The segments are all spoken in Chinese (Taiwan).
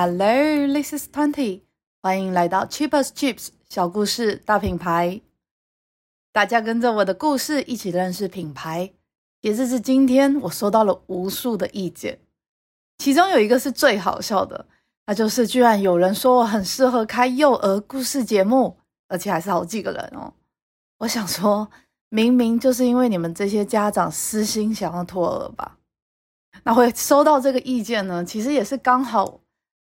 Hello, this is Twenty。歡迎來到 Cheap as Chips 小故事大品牌。大家跟着我的故事一起認識品牌。也就是今天我收到了無數的意見，其中有一個是最好笑的，那就是居然有人說我很適合開幼兒故事節目，而且還是好幾個人哦。我想說明明就是因為你們這些家長私心想要托兒吧，那會收到這個意見呢？其實也是剛好。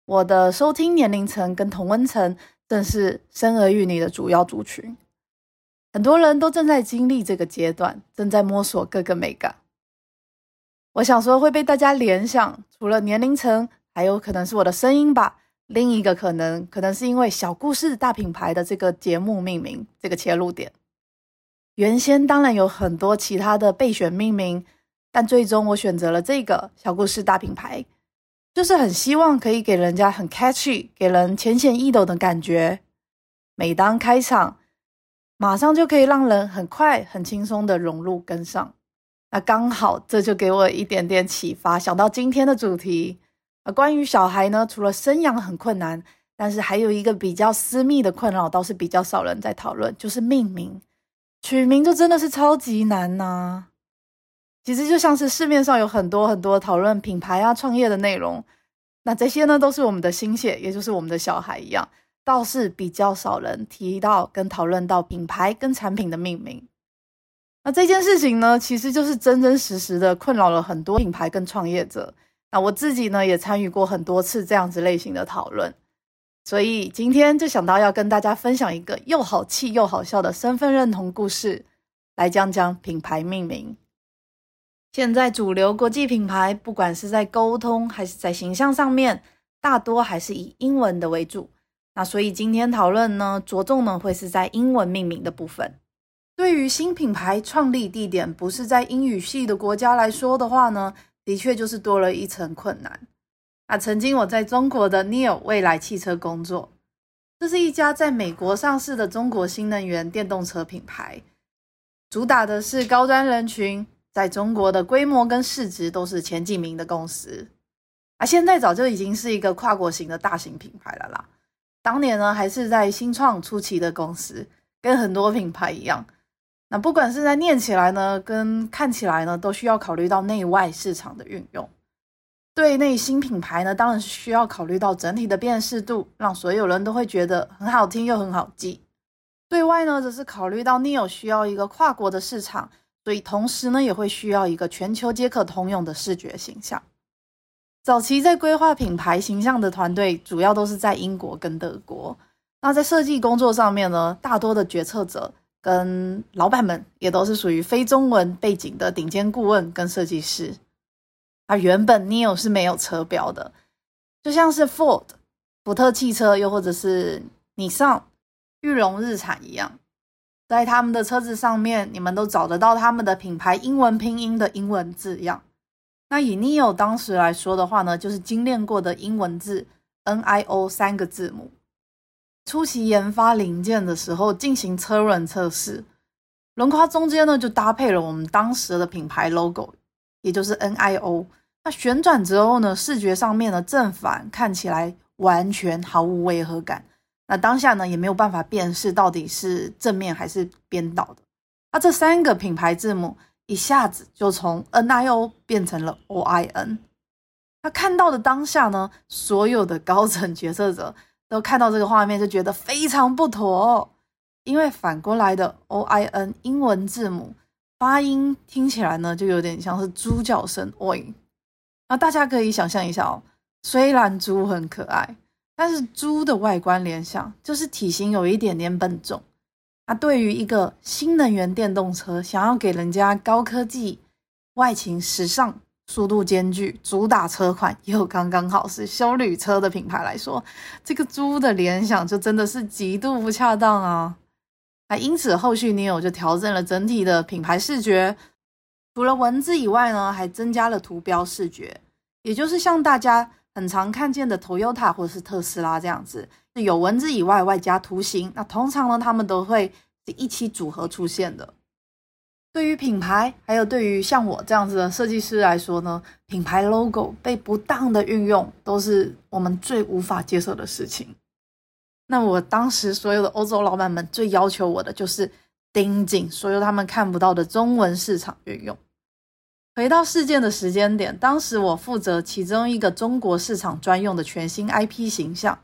我的收聽年齡層跟同溫層正是生兒育女的主要族群，很多人都正在經歷這個階段，正在摸索各個美感。我想說會被大家聯想，除了年齡層，還有可能是我的聲音吧。另一個可能，可能是因為“小故事大品牌”的這個節目命名這個切入點。原先當然有很多其他的備選命名，但最終我選擇了這個“小故事大品牌”。就是很希望可以給人家很 catchy，給人淺顯易懂的感覺。每當開場，馬上就可以讓人很快、很輕鬆的融入跟上。那剛好，這就給我一點點啟發，想到今天的主題。關於小孩呢，除了生養很困難，但是還有一個比較私密的困擾，倒是比較少人在討論，就是命名。取名，就真的是超級難吶、啊。其實就像是市面上有很多很多討論品牌啊、創業的內容，那這些呢都是我們的心血，也就是我們的小孩一樣，倒是比較少人提到跟討論到品牌跟產品的命名。那這件事情呢，其實就是真真實實的困擾了很多品牌跟創業者。那我自己呢也參與過很多次這樣子類型的討論，所以今天就想到要跟大家分享一個又好氣又好笑的身份認同故事，來講講品牌命名。現在主流國際品牌，不管是在溝通還是在形象上面，大多還是以英文的為主。那所以今天討論呢，着重呢會是在英文命名的部分。對於新品牌創立地點不是在英語系的國家來說的話呢，的確就是多了一層困難。啊，曾經我在中國的 NIO 未來汽車工作，這是一家在美國上市的中國新能源電動車品牌，主打的是高端人群。在中國的規模跟市值都是前幾名的公司，啊，現在早就已經是一個跨國型的大型品牌了啦。當年呢，還是在新創初期的公司，跟很多品牌一樣，那不管是在念起來呢，跟看起來呢，都需要考慮到內外市場的運用。對內新品牌呢，當然是需要考慮到整體的辨識度，讓所有人都會覺得很好聽又很好記。對外呢，則是考慮到你有需要一個跨國的市場。所以，同時呢，也會需要一個全球皆可通用的視覺形象。早期在規劃品牌形象的團隊，主要都是在英國跟德國。那在設計工作上面呢，大多的決策者跟老闆們，也都是屬於非中文背景的頂尖顧問跟設計師。而原本 Neo 是沒有車標的，就像是 Ford 福特汽車，又或者是 Nissan 裕隆日產一樣。在他們的車子上面，你們都找得到他們的品牌英文拼音的英文字樣。那以 NIO 當時來說的話呢，就是精煉過的英文字 NIO 三個字母。初期研發零件的時候，進行車輪測試，輪框中間呢就搭配了我們當時的品牌 logo，也就是 NIO。那旋轉之後呢，視覺上面的正反看起來完全毫無違和感。那當下呢，也沒有辦法辨識到底是正面還是顛倒的。那這三個品牌字母一下子就從 N I O 變成了 O I N。那看到的當下呢，所有的高層決策者都看到這個畫面，就覺得非常不妥哦，因為反過來的 O I N 英文字母發音聽起來呢，就有點像是豬叫聲。OIN。那大家可以想象一下哦，雖然豬很可愛。但是豬的外觀聯想就是體型有一點點笨重，啊，對於一個新能源電動車想要給人家高科技、外形、時尚、速度兼具、主打車款又剛剛好是休旅車的品牌來說，這個豬的聯想就真的是極度不恰當啊！啊，因此後續 NIO 就調整了整體的品牌視覺，除了文字以外呢，還增加了圖標視覺，也就是像大家。很常看見的 Toyota 或是特斯拉這樣子，有文字以外外加圖形。那通常呢，他們都會一起組合出現的。對於品牌，還有對於像我這樣子的設計師來說呢，品牌 logo 被不當的運用，都是我們最無法接受的事情。那我當時所有的歐洲老闆們最要求我的，就是盯緊所有他們看不到的中文市場運用。回到事件的時間點，當時我負責其中一個中國市場專用的全新 IP 形象。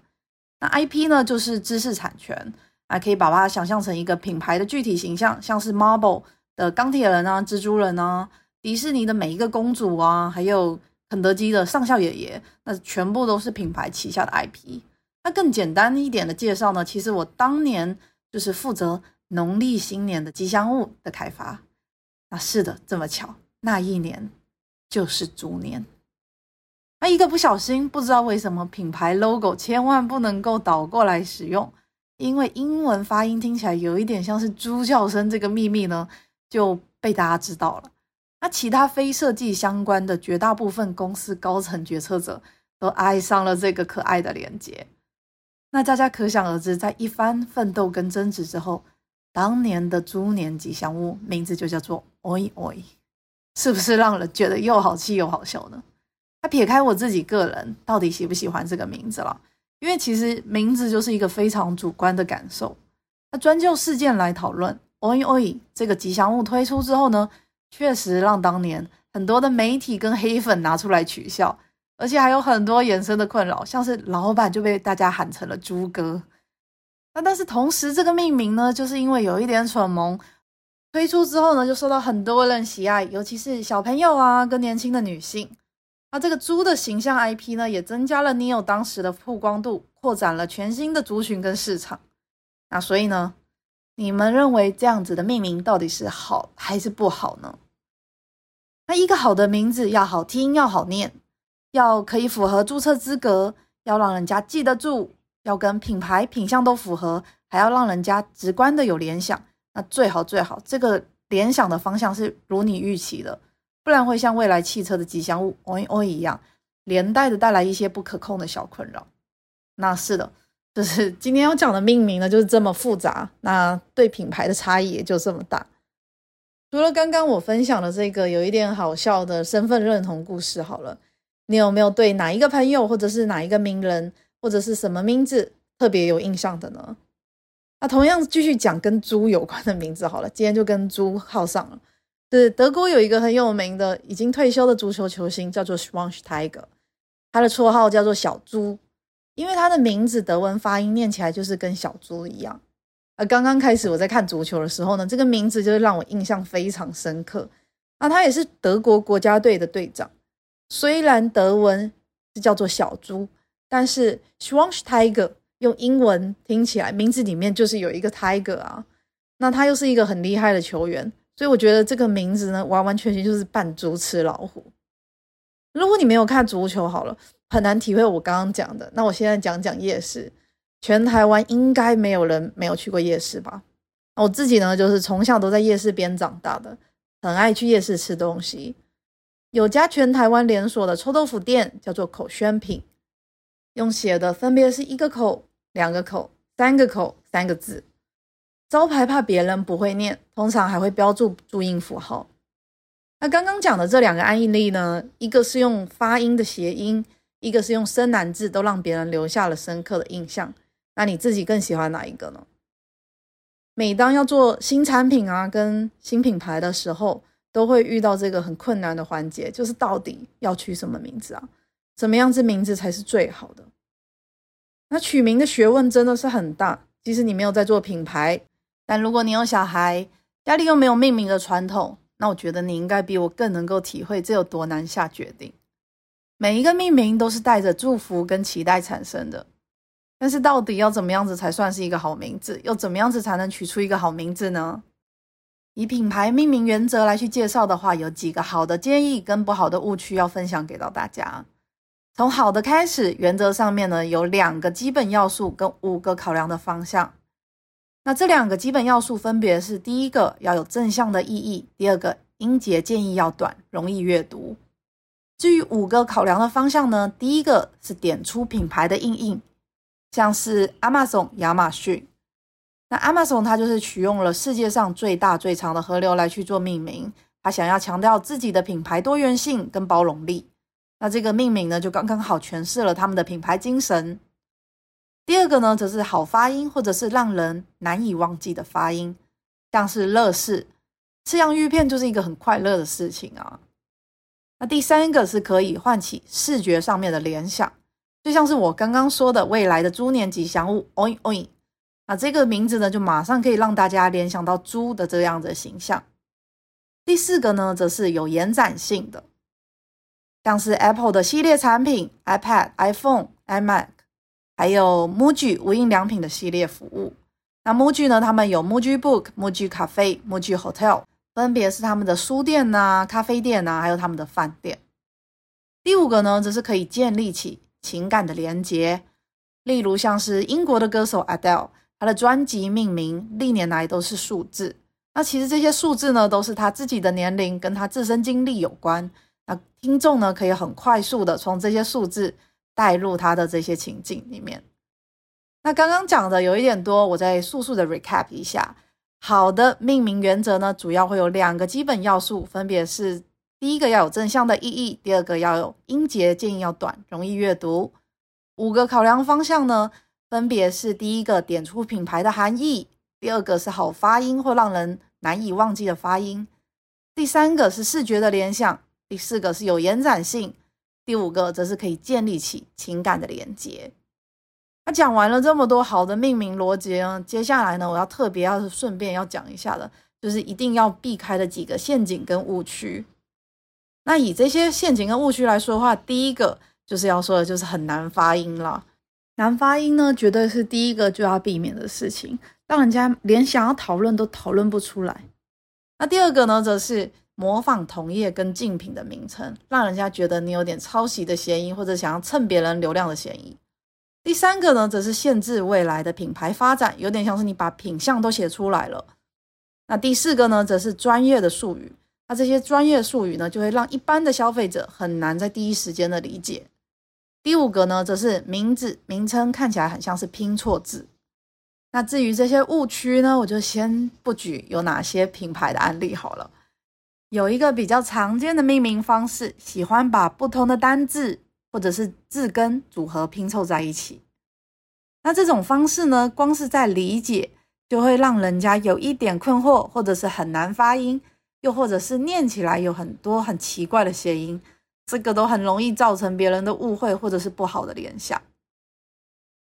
那 IP 呢，就是知識產權，啊，可以把它想象成一個品牌的具體形象，像是 Marvel 的鋼鐵人啊、蜘蛛人啊，迪士尼的每一個公主啊，還有肯德基的上校爺爺，那全部都是品牌旗下的 IP。那更簡單一點的介紹呢，其實我當年就是負責農曆新年的吉祥物的開發。啊，是的，這麼巧。那一年就是豬年，那一個不小心，不知道為什麼品牌 logo 千萬不能夠倒過來使用，因為英文發音聽起來有一點像是豬叫聲。這個秘密呢就被大家知道了。那其他非設計相關的絕大部分公司高層決策者都愛上了這個可愛的連接。那大家可想而知，在一番奮鬥跟爭執之後，當年的豬年吉祥物名字就叫做 “Oi Oi”。是不是讓人覺得又好氣又好笑呢？他撇開我自己個人到底喜不喜歡這個名字了，因為其實名字就是一個非常主觀的感受。那專就事件來討論，oi oi 這個吉祥物推出之後呢，確實讓當年很多的媒體跟黑粉拿出來取笑，而且還有很多衍生的困擾，像是老板就被大家喊成了豬哥。那但是同時，這個命名呢，就是因為有一點蠢萌。推出之後呢，就受到很多人喜愛，尤其是小朋友啊跟年輕的女性。那、啊、這個豬的形象 IP 呢，也增加了 NIO 當時的曝光度，擴展了全新的族群跟市場。那所以呢，你們認為這樣子的命名到底是好還是不好呢？那一個好的名字要好聽，要好念，要可以符合註冊資格，要讓人家記得住，要跟品牌品項都符合，還要讓人家直觀的有聯想。那最好最好，這個聯想的方向是如你預期的，不然會像蔚來汽車的吉祥物「oi oi」一樣，連帶着帶來一些不可控的小困擾。那是的，就是今天要講的命名呢，就是這麼複雜。那對品牌的差異也就這麼大。除了剛剛我分享的這個有一點好笑的身份認同故事，好了，你有沒有對哪一個朋友，或者是哪一個名人，或者是什麼名字特別有印象的呢？那、啊、同樣繼續講跟豬有關的名字好了，今天就跟豬耗上了對。德國有一個很有名的已經退休的足球球星，叫做 Schweinsteiger，他的綽號叫做小豬，因為他的名字德文發音念起來就是跟小豬一樣。而剛剛開始我在看足球的時候呢，這個名字就是讓我印象非常深刻。啊，他也是德國國家隊的隊長，雖然德文是叫做小豬，但是 Schweinsteiger，用英文聽起來，名字裡面就是有一個 Tiger 啊，那他又是一個很厲害的球員，所以我覺得這個名字呢，完完全全就是扮豬吃老虎。如果你沒有看足球，好了，很難體會我剛剛講的。那我現在講講夜市，全台灣應該沒有人沒有去過夜市吧？我自己呢，就是從小都在夜市邊長大的，很愛去夜市吃東西。有家全台灣連鎖的臭豆腐店叫做口宣品，用寫的分別是一個口，兩個口，三個口，三個字，招牌怕別人不會念，通常還會標注注音符號。那剛剛講的這兩個案例呢，一個是用發音的諧音，一個是用生難字，都讓別人留下了深刻的印象。那你自己更喜歡哪一個呢？每當要做新產品啊，跟新品牌的時候，都會遇到這個很困難的環節，就是到底要取什麼名字啊？怎麼樣子名字才是最好的？那取名的學問真的是很大，即使你沒有在做品牌，但如果你有小孩，家裡又沒有命名的傳統，那我覺得你應該比我更能夠體會這有多難下決定。每一個命名都是帶着祝福跟期待產生的，但是到底要怎麼樣子才算是一個好名字？又怎麼樣子才能取出一個好名字呢？以品牌命名原則來去介紹的話，有幾個好的建議跟不好的誤區要分享給到大家。從好的開始，原則上面呢，有兩個基本要素跟五個考量的方向。那這兩個基本要素分別是：第一個要有正向的意義；第二個音節建議要短，容易閱讀。至於五個考量的方向呢，第一個是點出品牌的印印，像是 Amazon 亞馬遜。那 Amazon 它就是取用了世界上最大最長的河流來去做命名，它想要強調自己的品牌多元性跟包容力。那這個命名呢，就剛剛好詮釋了他們的品牌精神。第二個呢，則是好發音，或者是讓人難以忘記的發音，像是樂事，吃洋芋片就是一個很快樂的事情啊。那第三個是可以喚起視覺上面的聯想，就像是我剛剛說的蔚來的豬年吉祥物 Oi Oi，那這個名字呢，就馬上可以讓大家聯想到豬的這樣的形象。第四個呢，則是有延展性的。像是 Apple 的系列產品，iPad、iPhone、iMac，還有 Muji 無印良品的系列服務。那 Muji 呢，他們有 Muji Book、Muji Cafe、Muji Hotel，分別是他們的書店吶、啊、咖啡店吶、啊，還有他們的飯店。第五個呢，則是可以建立起情感的連結，例如像是英國的歌手 Adele，他的專輯命名歷年來都是數字。那其實這些數字呢，都是他自己的年齡跟他自身經歷有關。聽眾呢，可以很快速的從這些數字帶入他的這些情境裡面。那剛剛講的有一點多，我再速速的 recap 一下。好的，命名原則呢，主要會有兩個基本要素，分別是第一個要有正向的意義，第二個要有音節，建議要短，容易閱讀。五個考量方向呢，分別是第一個點出品牌的含義，第二個是好發音，會讓人難以忘記的發音，第三個是視覺的聯想。第四個是有延展性，第五個則是可以建立起情感的連接。那講完了這麼多好的命名邏輯呢，接下來呢，我要特別要順便要講一下的，就是一定要避開的幾個陷阱跟誤區。那以這些陷阱跟誤區來說的話，第一個就是要說的就是很難發音了，難發音呢絕對是第一個就要避免的事情，讓人家連想要討論都討論不出來。那第二個呢，則是。模仿同業跟競品的名稱，讓人家覺得你有點抄襲的嫌疑，或者想要蹭別人流量的嫌疑。第三個呢，則是限制未來的品牌發展，有點像是你把品項都寫出來了。那第四個呢，則是專業的術語，那這些專業術語呢，就會讓一般的消費者很難在第一時間的理解。第五個呢，則是名字名稱看起來很像是拼錯字。那至於這些誤區呢，我就先不舉有哪些品牌的案例好了。有一個比較常見的命名方式，喜歡把不同的單字或者是字根組合拼湊在一起。那這種方式呢，光是在理解就會讓人家有一點困惑，或者是很難發音，又或者是念起來有很多很奇怪的諧音，這個都很容易造成別人的誤會或者是不好的聯想。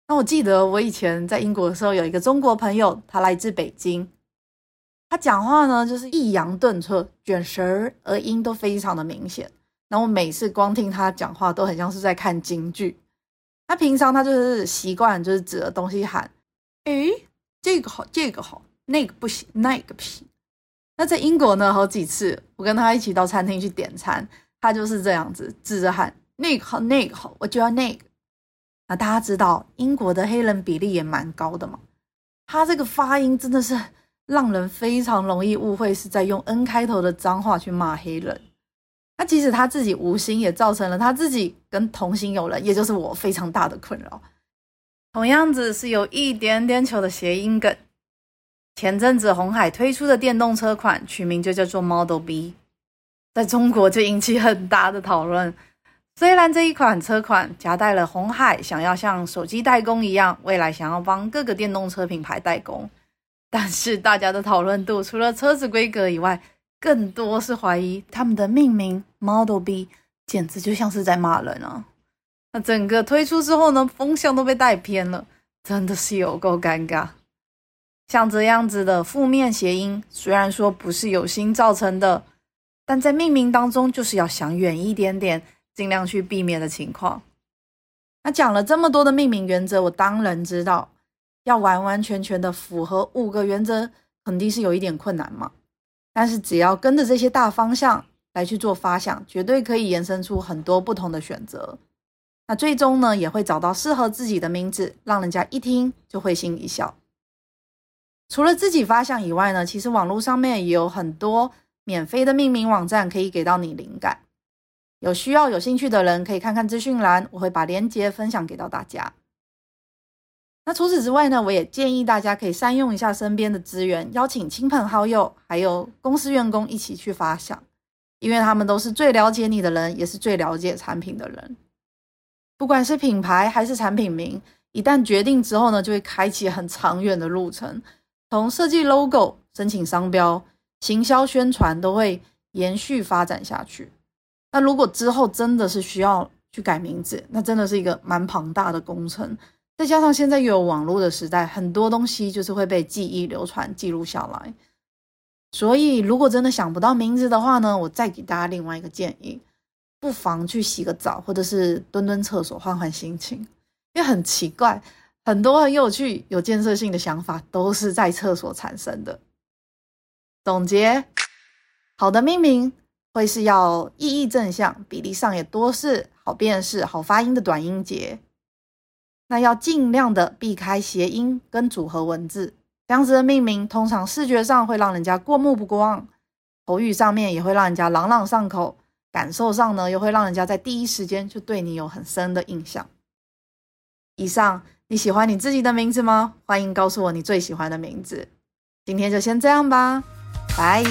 那我記得我以前在英國的時候，有一個中國朋友，他來自北京。他講話呢，就是抑揚頓挫，捲舌而音都非常的明顯。然後我每次光聽他講話，都很像是在看京劇。他平常他就是習慣，就是指着東西喊：“誒、欸、這個好，這個好，那個不行，那個屁。”那在英國呢，好幾次我跟他一起到餐廳去點餐，他就是這樣子指着喊：“那個好，那個好，我就要那個。”那大家知道英國的黑人比例也蠻高的嘛，他這個發音真的是。讓人非常容易誤會是在用 N 開頭的髒話去罵黑人，那即使他自己無心，也造成了他自己跟同性有人，也就是我非常大的困擾。同樣子是有一點點醜的諧音梗，前陣子鴻海推出的電動車款取名就叫做 Model B，在中國就引起很大的討論。雖然這一款車款夾帶了鴻海想要像手機代工一樣，未來想要幫各個電動車品牌代工。但是大家的討論度除了車子規格以外，更多是懷疑他們的命名 Model B，簡直就像是在罵人啊！那整個推出之後呢，風向都被帶偏了，真的是有夠尷尬。像這樣子的負面諧音，雖然說不是有心造成的，但在命名當中就是要想遠一點點，盡量去避免的情況。那講了這麼多的命名原則，我當然知道。要完完全全的符合五個原則，肯定是有一點困難嘛。但是只要跟着這些大方向來去做發想，絕對可以延伸出很多不同的選擇。那最終呢，也會找到適合自己的名字，讓人家一聽就會心一笑。除了自己發想以外呢，其實網絡上面也有很多免費的命名網站可以給到你靈感。有需要、有興趣的人可以看看資訊欄，我會把鏈接分享給到大家。那除此之外呢，我也建議大家可以善用一下身邊的資源，邀請親朋好友，還有公司員工一起去發想，因為他們都是最了解你的人，也是最了解產品的人。不管是品牌還是產品名，一旦決定之後呢，就會開啟很長遠的路程，從設計 logo、申請商標、行銷宣傳都會延續發展下去。那如果之後真的是需要去改名字，那真的是一個蠻龐大的工程。再加上現在又有網絡的時代，很多東西就是會被記憶、流傳、記錄下來。所以，如果真的想不到名字的話呢，我再給大家另外一個建議：不妨去洗個澡，或者是蹲蹲廁所，換換心情。因為很奇怪，很多很有趣、有建設性的想法都是在廁所產生的。總結：好的命名會是要意義正向，比例上也多是好辨識、好發音的短音節。那要盡量的避開諧音跟組合文字，這樣子的命名通常視覺上會讓人家過目不忘，口語上面也會讓人家朗朗上口，感受上呢又會讓人家在第一時間就對你有很深的印象。以上，你喜歡你自己的名字嗎？歡迎告訴我你最喜歡的名字。今天就先這樣吧，拜。